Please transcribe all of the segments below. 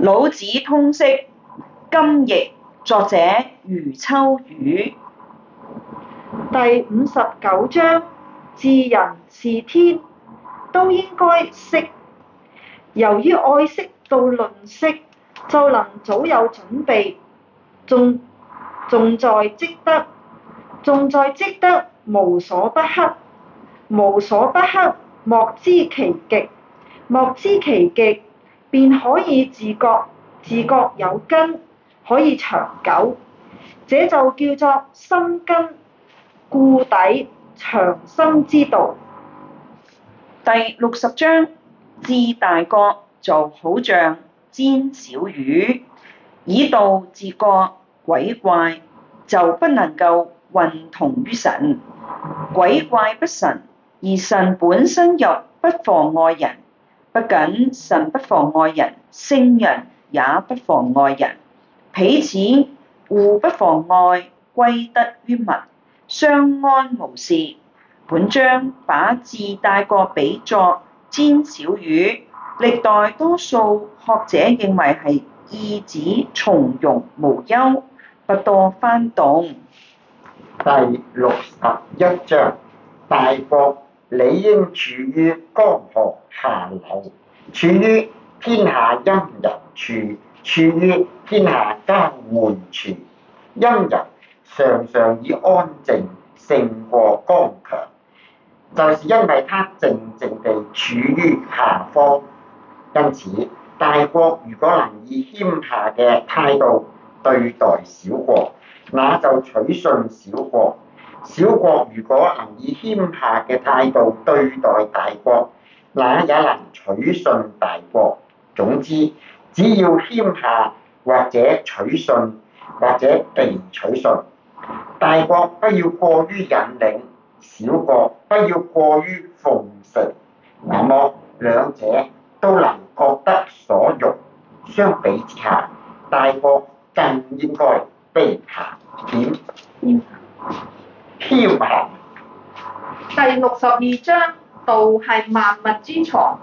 老子通釋今譯，作者余秋雨。第五十九章，治人事天都應該識，由於愛惜到吝嗇，就能早有準備。重在積德，重在積德，無所不克，無所不克，莫知其極，莫知其極。便可以自覺，自覺有根，可以長久，這就叫做深根固柢長生之道。第六十章治大國就好像煎小魚，以道治國，鬼怪就不能夠混同於神，鬼怪不神，而神本身又不妨礙人。不僅神不妨礙人，聖人也不妨礙人，彼此互不妨礙，歸德於民，相安無事。本章把治大國比作煎小魚，歷代多數學者認為係意指從容無憂，不多翻動。第六十、啊、一章，大國。理應處於江河下流，處於天下陰人處，處於天下交換處。陰人常常以安靜勝過剛強，就是因為他靜靜地處於下方。因此，大國如果能以謙下嘅態度對待小國，那就取信小國。小國如果行以謙下嘅態度對待大國，那也能取信大國。總之，只要謙下或者取信或者被取信，大國不要過於引領，小國不要過於奉承，那麼兩者都能各得所欲。相比之下，大國更應該卑下點。嗯。第六十二章，道係萬物之藏，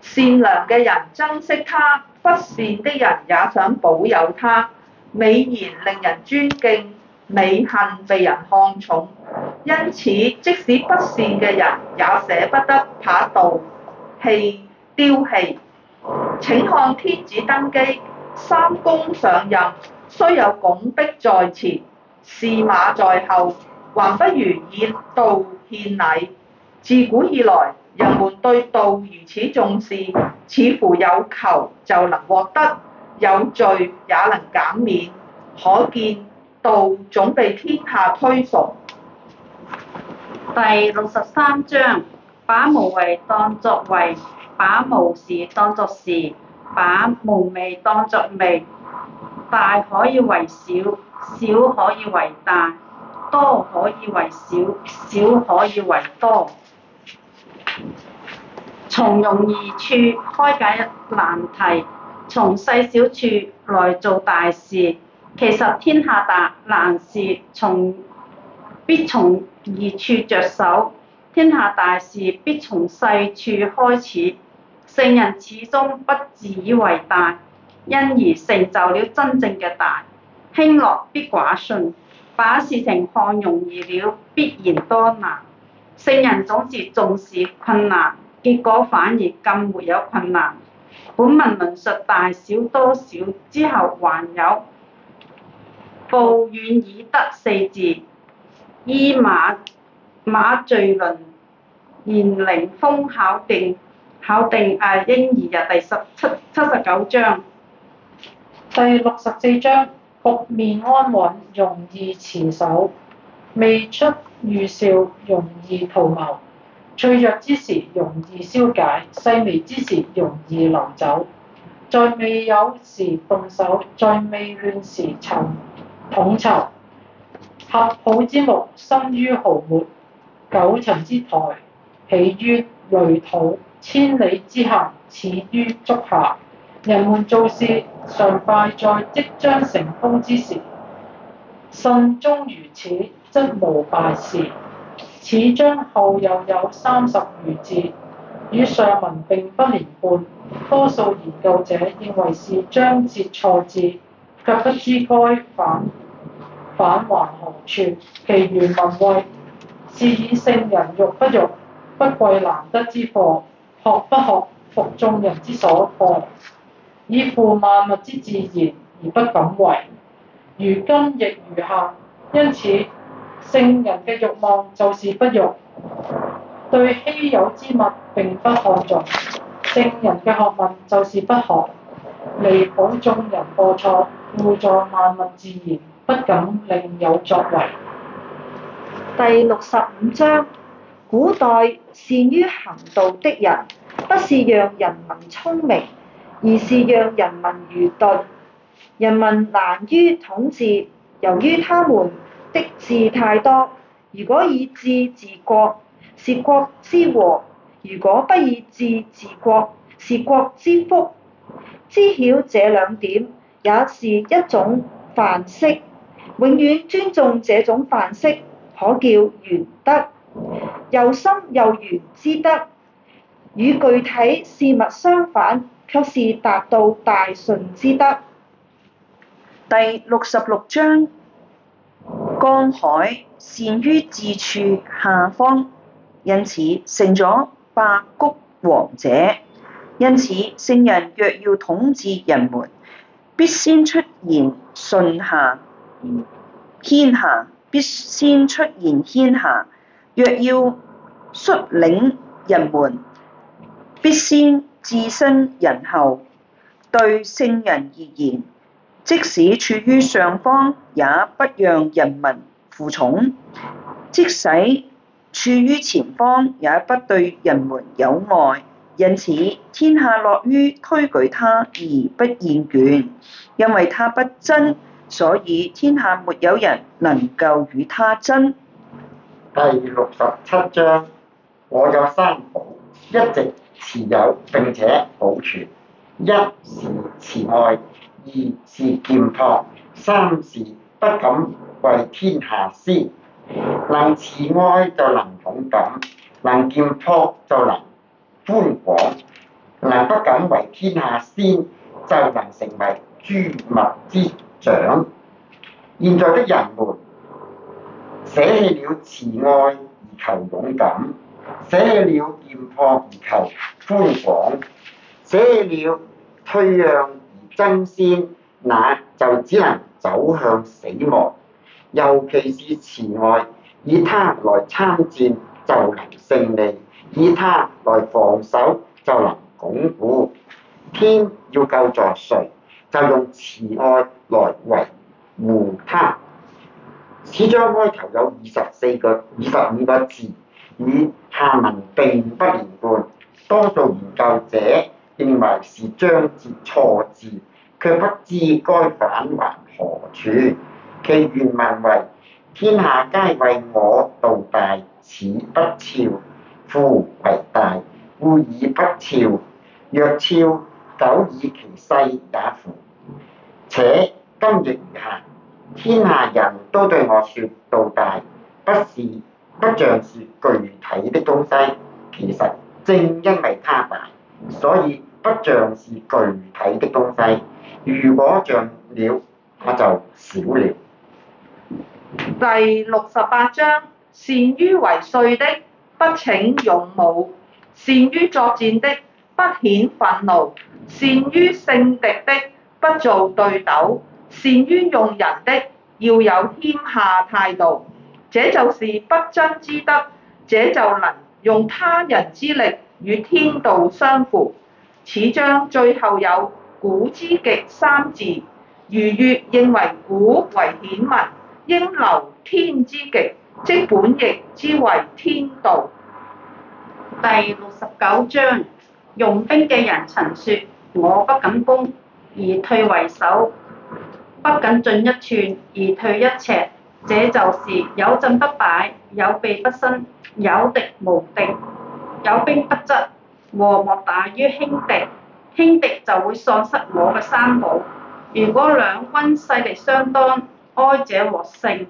善良嘅人珍惜它，不善的人也想保有它。美言令人尊敬，美行被人看重，因此即使不善嘅人也捨不得把道棄、丟棄。請看天子登基，三公上任，雖有拱璧在前，駟馬在後。還不如以道獻禮。自古以來，人們對道如此重視，似乎有求就能獲得，有罪也能減免，可見道總被天下推崇。第六十三章：把無為當作為，把無事當作事，把無味當作味。大可以為小，小可以為大。多可以為少，少可以為多。從容易處開解難題，從細小處來做大事。其實天下大難事，從必從易處着手。天下大事必從細處開始。聖人始終不自以為大，因而成就了真正嘅大。輕諾必寡信。把事情看容易了，必然多難。聖人總是重視困難，結果反而更沒有困難。本文論述大小多少之後，還有報怨以德四字。依馬馬敘倫，嚴靈峰考定，考定啊，嬰兒日第十七七十九章，第六十四章。局面安穩，容易持守；未出預兆，容易圖謀；脆弱之時，容易消解，細微之時，容易流走。在未有時動手，在未亂時尋統籌。合抱之木，生於毫末；九層之台，起於累土；千里之行，始於足下。人們做事常敗在即將成功之時，慎終如此則無敗事。此章後又有三十餘字，與上文並不連貫，多數研究者認為是章節錯字，卻不知該返返，返，返，返返還何處。其餘文為：是以聖人欲不欲，不貴難得之貨；學不學，復眾人之所過。以輔萬物之自然而不敢為，如今亦如下，因此聖人嘅欲望就是不欲，對稀有之物並不看重。聖人嘅學問就是不學，彌補眾人過錯，互助萬物自然，不敢另有作為。第六十五章：古代善於行道的人，不是讓人民聰明。而是讓人民愚鈍，人民難於統治，由於他們的智太多。如果以智治國，是國之禍；如果不以智治國，是國之福。知曉這兩點，也是一種範式。永遠尊重這種範式，可叫玄德，又深又遠之德，與具體事物相反，不是達到大順之德。第六十六章：江海善於自處下方，因此成咗百谷王者。因此聖人若要統治人們，必先出言順下，下；天下必先出言天下。若要率領人們，必先。自身人後，對聖人而言，即使處於上方，也不讓人民負重；即使處於前方，也不對人們有礙。因此，天下樂於推舉他而不厭倦，因為他不爭，所以天下沒有人能夠與他爭。第六十七章：我有三寶，一直。持有並且保存，一是慈愛，二是儉嗇，三是不敢為天下先。能慈愛就能勇敢，能儉嗇就能寬廣，能不敢為天下先就能成為諸物之長。現在的人們捨棄了慈愛而求勇敢。寫了劍破而求寬廣，寫了退讓而爭先，那就只能走向死亡。尤其是慈愛，以他來參戰就能勝利，以他來防守就能鞏固。天要救助誰，就用慈愛來維護他。此章開頭有二十四個、二十五個字。與下文並不連貫，多數研究者認為是章節錯字，卻不知該返還何處。其原文為：天下皆謂我道大，此不肖，夫唯大，故似不肖。若肖，久矣其細也夫。且今譯如下，天下人都對我說道大，不是。不像是具體的東西，其實正因為它大，所以不像是具體的東西。如果像了，我就少了。第六十八章：善於為帥的不逞勇武，善於作戰的不顯憤怒，善於勝敵的不做對鬥，善於用人的要有謙下態度。這就是不爭之德，這就能用他人之力與天道相符。此章最後有「古之極」三字，如月認為「古」為顯物，應留天之極，即本亦之為天道。第六十九章，用兵嘅人曾說：我不敢攻，而退為守；不敢進一寸，而退一尺。這就是有進不擺，有臂不伸，有敵無敵，有兵不執。禍莫大於輕敵，輕敵就會喪失我嘅三寶。如果兩軍勢力相當，哀者獲勝。